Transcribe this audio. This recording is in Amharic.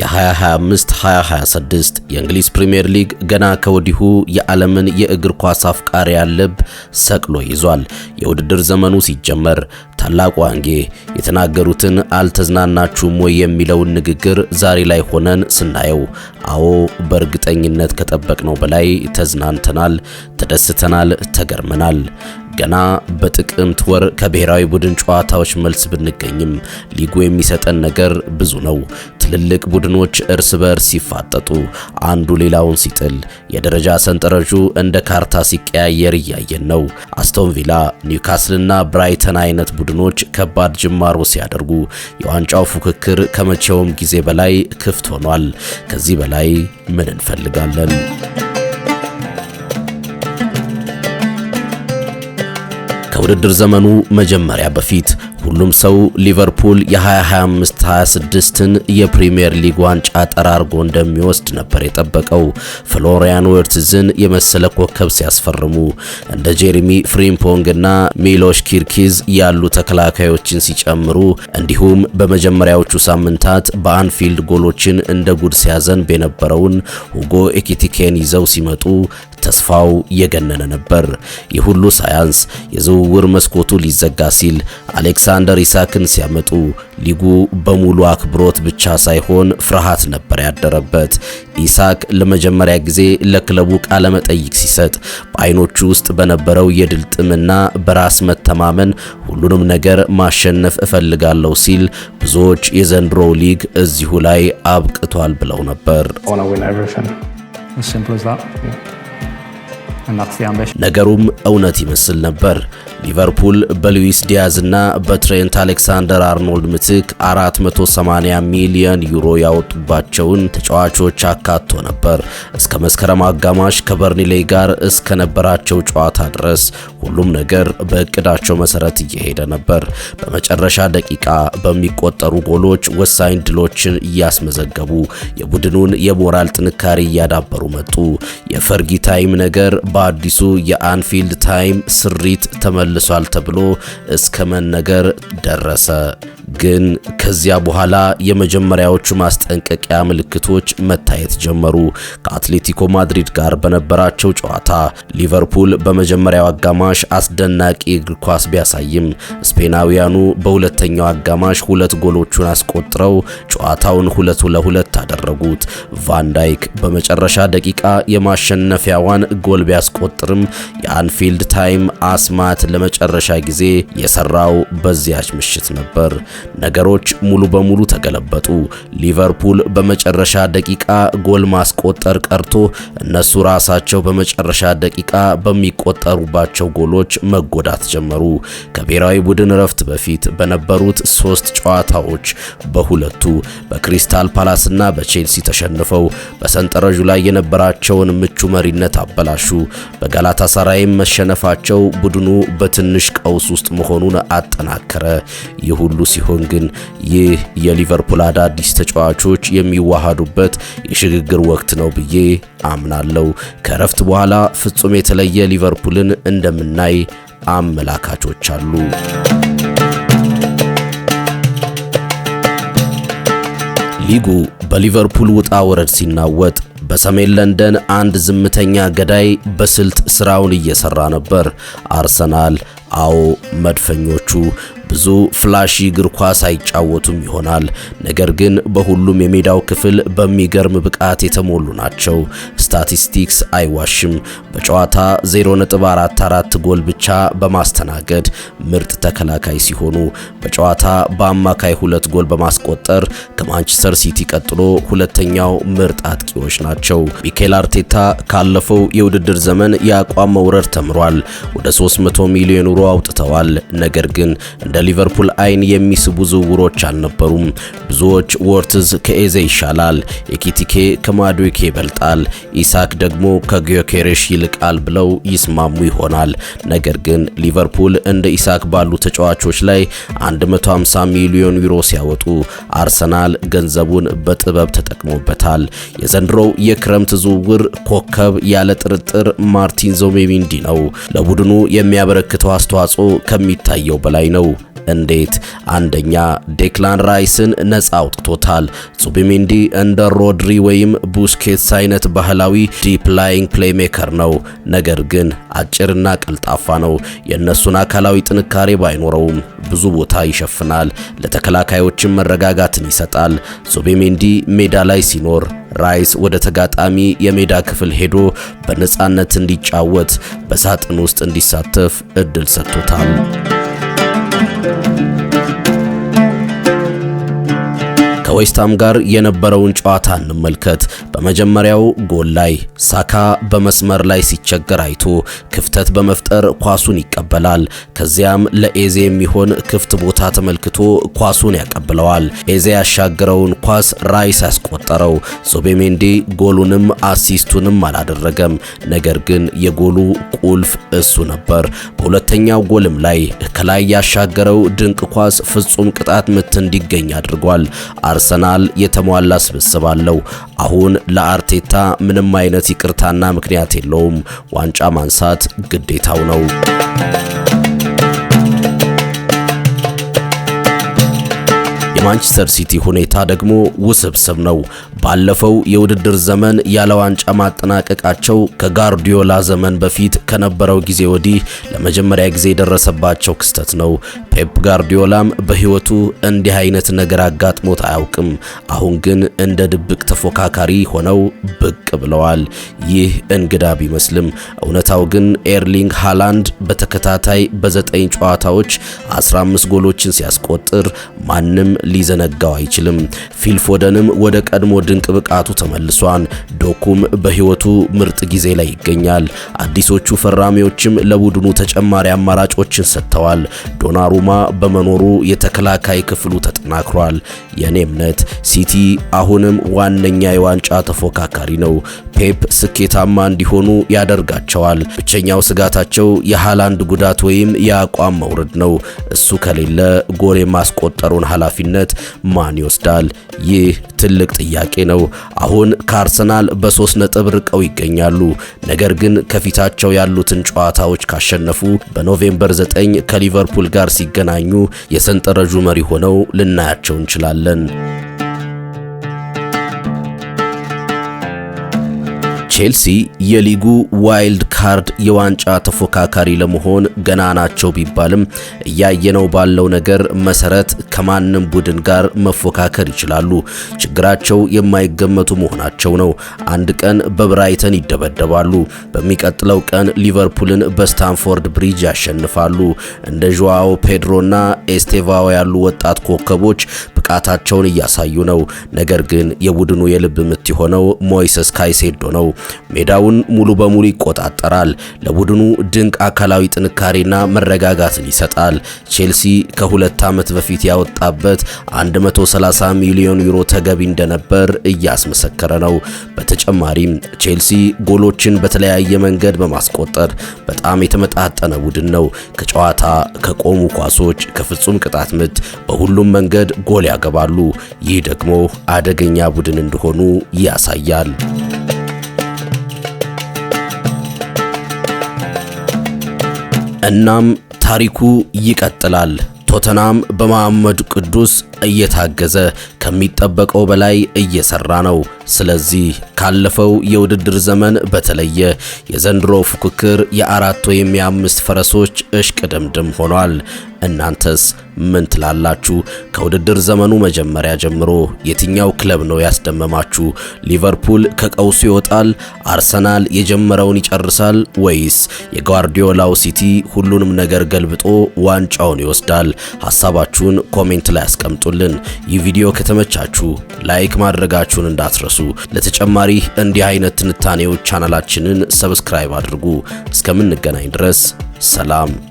የ2025-2026 የእንግሊዝ ፕሪምየር ሊግ ገና ከወዲሁ የዓለምን የእግር ኳስ አፍቃሪያን ልብ ሰቅሎ ይዟል። የውድድር ዘመኑ ሲጀመር ታላቁ አንጌ የተናገሩትን አልተዝናናችሁም ወይ የሚለውን ንግግር ዛሬ ላይ ሆነን ስናየው፣ አዎ በእርግጠኝነት ከጠበቅነው በላይ ተዝናንተናል፣ ተደስተናል፣ ተገርመናል። ገና በጥቅምት ወር ከብሔራዊ ቡድን ጨዋታዎች መልስ ብንገኝም ሊጉ የሚሰጠን ነገር ብዙ ነው። ትልልቅ ቡድኖች እርስ በርስ ሲፋጠጡ፣ አንዱ ሌላውን ሲጥል፣ የደረጃ ሰንጠረዡ እንደ ካርታ ሲቀያየር እያየን ነው። አስቶን ቪላ፣ ኒውካስልና ብራይተን አይነት ቡድኖች ከባድ ጅማሮ ሲያደርጉ የዋንጫው ፉክክር ከመቼውም ጊዜ በላይ ክፍት ሆኗል። ከዚህ በላይ ምን እንፈልጋለን? ከውድድር ዘመኑ መጀመሪያ በፊት ሁሉም ሰው ሊቨርፑል የ2025/26ን የፕሪሚየር ሊግ ዋንጫ ጠራርጎ እንደሚወስድ ነበር የጠበቀው። ፍሎሪያን ወርትዝን የመሰለ ኮከብ ሲያስፈርሙ እንደ ጄሬሚ ፍሪምፖንግና ሚሎሽ ኪርኪዝ ያሉ ተከላካዮችን ሲጨምሩ እንዲሁም በመጀመሪያዎቹ ሳምንታት በአንፊልድ ጎሎችን እንደ ጉድ ሲያዘንብ የነበረውን ሁጎ ኤኪቲኬን ይዘው ሲመጡ ተስፋው የገነነ ነበር። ይህ ሁሉ ሳያንስ የዝውውር መስኮቱ ሊዘጋ ሲል አሌክሳንደር ኢሳክን ሲያመጡ ሊጉ በሙሉ አክብሮት ብቻ ሳይሆን ፍርሃት ነበር ያደረበት። ኢሳክ ለመጀመሪያ ጊዜ ለክለቡ ቃለ መጠይቅ ሲሰጥ በአይኖቹ ውስጥ በነበረው የድል ጥምና በራስ መተማመን ሁሉንም ነገር ማሸነፍ እፈልጋለሁ ሲል ብዙዎች የዘንድሮው ሊግ እዚሁ ላይ አብቅቷል ብለው ነበር። ነገሩም እውነት ይመስል ነበር። ሊቨርፑል በሉዊስ ዲያዝ እና በትሬንት አሌክሳንደር አርኖልድ ምትክ 480 ሚሊዮን ዩሮ ያወጡባቸውን ተጫዋቾች አካቶ ነበር። እስከ መስከረም አጋማሽ ከበርኒሌ ጋር እስከነበራቸው ጨዋታ ድረስ ሁሉም ነገር በእቅዳቸው መሰረት እየሄደ ነበር። በመጨረሻ ደቂቃ በሚቆጠሩ ጎሎች ወሳኝ ድሎችን እያስመዘገቡ የቡድኑን የሞራል ጥንካሬ እያዳበሩ መጡ። የፈርጊ ታይም ነገር በአዲሱ የአንፊልድ ታይም ስሪት ተመልሷል ተብሎ እስከ መነገር ደረሰ። ግን ከዚያ በኋላ የመጀመሪያዎቹ ማስጠንቀቂያ ምልክቶች መታየት ጀመሩ። ከአትሌቲኮ ማድሪድ ጋር በነበራቸው ጨዋታ ሊቨርፑል በመጀመሪያው አጋማሽ አስደናቂ እግር ኳስ ቢያሳይም ስፔናውያኑ በሁለተኛው አጋማሽ ሁለት ጎሎቹን አስቆጥረው ጨዋታውን ሁለቱ ለሁለት አደረጉት። ቫንዳይክ በመጨረሻ ደቂቃ የማሸነፊያዋን ጎል ቢያስቆጥርም የአንፊልድ ታይም አስማት ለመጨረሻ ጊዜ የሰራው በዚያች ምሽት ነበር። ነገሮች ሙሉ በሙሉ ተገለበጡ። ሊቨርፑል በመጨረሻ ደቂቃ ጎል ማስቆጠር ቀርቶ እነሱ ራሳቸው በመጨረሻ ደቂቃ በሚቆጠሩባቸው ጎሎች መጎዳት ጀመሩ። ከብሔራዊ ቡድን እረፍት በፊት በነበሩት ሶስት ጨዋታዎች በሁለቱ በክሪስታል ፓላስና በቼልሲ ተሸንፈው በሰንጠረዡ ላይ የነበራቸውን ምቹ መሪነት አበላሹ። በጋላታ ሳራይም መሸነፋቸው ቡድኑ በትንሽ ቀውስ ውስጥ መሆኑን አጠናከረ። ይህ ሁሉ ሲሆን ሳይሆን ግን ይህ የሊቨርፑል አዳዲስ ተጫዋቾች የሚዋሃዱበት የሽግግር ወቅት ነው ብዬ አምናለሁ። ከእረፍት በኋላ ፍጹም የተለየ ሊቨርፑልን እንደምናይ አመላካቾች አሉ። ሊጉ በሊቨርፑል ውጣ ወረድ ሲናወጥ በሰሜን ለንደን አንድ ዝምተኛ ገዳይ በስልት ስራውን እየሰራ ነበር። አርሰናል አዎ መድፈኞቹ ብዙ ፍላሺ እግር ኳስ አይጫወቱም ይሆናል፣ ነገር ግን በሁሉም የሜዳው ክፍል በሚገርም ብቃት የተሞሉ ናቸው። ስታቲስቲክስ አይዋሽም። በጨዋታ 0.44 ጎል ብቻ በማስተናገድ ምርጥ ተከላካይ ሲሆኑ በጨዋታ በአማካይ ሁለት ጎል በማስቆጠር ከማንቸስተር ሲቲ ቀጥሎ ሁለተኛው ምርጥ አጥቂዎች ናቸው። ሚኬል አርቴታ ካለፈው የውድድር ዘመን የአቋም መውረድ ተምሯል። ወደ 300 ሚሊዮን ጨምሮ አውጥተዋል። ነገር ግን እንደ ሊቨርፑል አይን የሚስቡ ዝውውሮች አልነበሩም። ብዙዎች ወርትዝ ከኤዜ ይሻላል፣ ኤኪቲኬ ከማዶኬ ይበልጣል፣ ኢሳክ ደግሞ ከጊዮኬሬሽ ይልቃል ብለው ይስማሙ ይሆናል። ነገር ግን ሊቨርፑል እንደ ኢሳክ ባሉ ተጫዋቾች ላይ 150 ሚሊዮን ዩሮ ሲያወጡ አርሰናል ገንዘቡን በጥበብ ተጠቅሞበታል። የዘንድሮው የክረምት ዝውውር ኮከብ ያለ ጥርጥር ማርቲን ዙቢሜንዲ ነው። ለቡድኑ የሚያበረክተው አስተዋጽኦ ከሚታየው በላይ ነው። እንዴት? አንደኛ ዴክላን ራይስን ነጻ አውጥቶታል። ዙቢሜንዲ እንደ ሮድሪ ወይም ቡስኬትስ አይነት ባህላዊ ዲፕ ላይንግ ፕሌሜከር ነው፣ ነገር ግን አጭርና ቀልጣፋ ነው። የእነሱን አካላዊ ጥንካሬ ባይኖረውም ብዙ ቦታ ይሸፍናል፣ ለተከላካዮችም መረጋጋትን ይሰጣል። ጹቢሚንዲ ሜዳ ላይ ሲኖር ራይስ ወደ ተጋጣሚ የሜዳ ክፍል ሄዶ በነፃነት እንዲጫወት በሳጥን ውስጥ እንዲሳተፍ እድል ሰጥቶታል። ከዌስትሃም ጋር የነበረውን ጨዋታ እንመልከት። በመጀመሪያው ጎል ላይ ሳካ በመስመር ላይ ሲቸገር አይቶ ክፍተት በመፍጠር ኳሱን ይቀበላል። ከዚያም ለኤዜ የሚሆን ክፍት ቦታ ተመልክቶ ኳሱን ያቀብለዋል። ኤዜ ያሻገረውን ኳስ ራይስ ያስቆጠረው። ዙቤሜንዲ ጎሉንም አሲስቱንም አላደረገም፣ ነገር ግን የጎሉ ቁልፍ እሱ ነበር። በሁለተኛው ጎልም ላይ ከላይ ያሻገረው ድንቅ ኳስ ፍጹም ቅጣት ምት እንዲገኝ አድርጓል። ጨርሰናል፣ የተሟላ ስብስብ አለው። አሁን ለአርቴታ ምንም አይነት ይቅርታና ምክንያት የለውም። ዋንጫ ማንሳት ግዴታው ነው። የማንቸስተር ሲቲ ሁኔታ ደግሞ ውስብስብ ነው። ባለፈው የውድድር ዘመን ያለ ዋንጫ ማጠናቀቃቸው ከጋርዲዮላ ዘመን በፊት ከነበረው ጊዜ ወዲህ ለመጀመሪያ ጊዜ የደረሰባቸው ክስተት ነው። ፔፕ ጋርዲዮላም በሕይወቱ እንዲህ አይነት ነገር አጋጥሞት አያውቅም። አሁን ግን እንደ ድብቅ ተፎካካሪ ሆነው ብቅ ብለዋል። ይህ እንግዳ ቢመስልም እውነታው ግን ኤርሊንግ ሃላንድ በተከታታይ በዘጠኝ ጨዋታዎች 15 ጎሎችን ሲያስቆጥር ማንም ሊዘነጋው አይችልም። ፊልፎደንም ወደ ቀድሞ ድንቅ ብቃቱ ተመልሷል። ዶኩም በሕይወቱ ምርጥ ጊዜ ላይ ይገኛል። አዲሶቹ ፈራሚዎችም ለቡድኑ ተጨማሪ አማራጮችን ሰጥተዋል። ዶናሩማ በመኖሩ የተከላካይ ክፍሉ ተጠናክሯል። የኔ እምነት ሲቲ አሁንም ዋነኛ የዋንጫ ተፎካካሪ ነው። ፔፕ ስኬታማ እንዲሆኑ ያደርጋቸዋል። ብቸኛው ስጋታቸው የሃላንድ ጉዳት ወይም የአቋም መውረድ ነው። እሱ ከሌለ ጎል የማስቆጠሩን ኃላፊነት ማን ይወስዳል? ይህ ትልቅ ጥያቄ ነው። አሁን ከአርሰናል በሶስት ነጥብ ርቀው ይገኛሉ። ነገር ግን ከፊታቸው ያሉትን ጨዋታዎች ካሸነፉ በኖቬምበር 9 ከሊቨርፑል ጋር ሲገናኙ የሰንጠረዡ መሪ ሆነው ልናያቸው እንችላለን። ቼልሲ የሊጉ ዋይልድ ካርድ የዋንጫ ተፎካካሪ ለመሆን ገና ናቸው ቢባልም እያየነው ባለው ነገር መሰረት ከማንም ቡድን ጋር መፎካከር ይችላሉ። ችግራቸው የማይገመቱ መሆናቸው ነው። አንድ ቀን በብራይተን ይደበደባሉ። በሚቀጥለው ቀን ሊቨርፑልን በስታንፎርድ ብሪጅ ያሸንፋሉ። እንደ ዡዋዎ ፔድሮና ኤስቴቫዎ ያሉ ወጣት ኮከቦች ብቃታቸውን እያሳዩ ነው። ነገር ግን የቡድኑ የልብ ምት የሆነው ሞይሰስ ካይሴዶ ነው። ሜዳውን ሙሉ በሙሉ ይቆጣጠራል። ለቡድኑ ድንቅ አካላዊ ጥንካሬና መረጋጋትን ይሰጣል። ቼልሲ ከሁለት ዓመት በፊት ያወጣበት 130 ሚሊዮን ዩሮ ተገቢ እንደነበር እያስመሰከረ ነው። በተጨማሪም ቼልሲ ጎሎችን በተለያየ መንገድ በማስቆጠር በጣም የተመጣጠነ ቡድን ነው። ከጨዋታ፣ ከቆሙ ኳሶች፣ ከፍጹም ቅጣት ምት በሁሉም መንገድ ጎል ያገባሉ። ይህ ደግሞ አደገኛ ቡድን እንደሆኑ ያሳያል። እናም ታሪኩ ይቀጥላል። ቶተናም በመሐመድ ቅዱስ እየታገዘ ከሚጠበቀው በላይ እየሰራ ነው። ስለዚህ ካለፈው የውድድር ዘመን በተለየ የዘንድሮ ፉክክር የአራት ወይም የአምስት ፈረሶች እሽቅ ድምድም ሆኗል። እናንተስ ምን ትላላችሁ? ከውድድር ዘመኑ መጀመሪያ ጀምሮ የትኛው ክለብ ነው ያስደመማችሁ? ሊቨርፑል ከቀውሱ ይወጣል? አርሰናል የጀመረውን ይጨርሳል? ወይስ የጓርዲዮላው ሲቲ ሁሉንም ነገር ገልብጦ ዋንጫውን ይወስዳል? ሀሳባችሁን ኮሜንት ላይ አስቀምጡ። አስቀምጡልን። ይህ ቪዲዮ ከተመቻችሁ ላይክ ማድረጋችሁን እንዳትረሱ። ለተጨማሪ እንዲህ አይነት ትንታኔዎች ቻናላችንን ሰብስክራይብ አድርጉ። እስከምንገናኝ ድረስ ሰላም።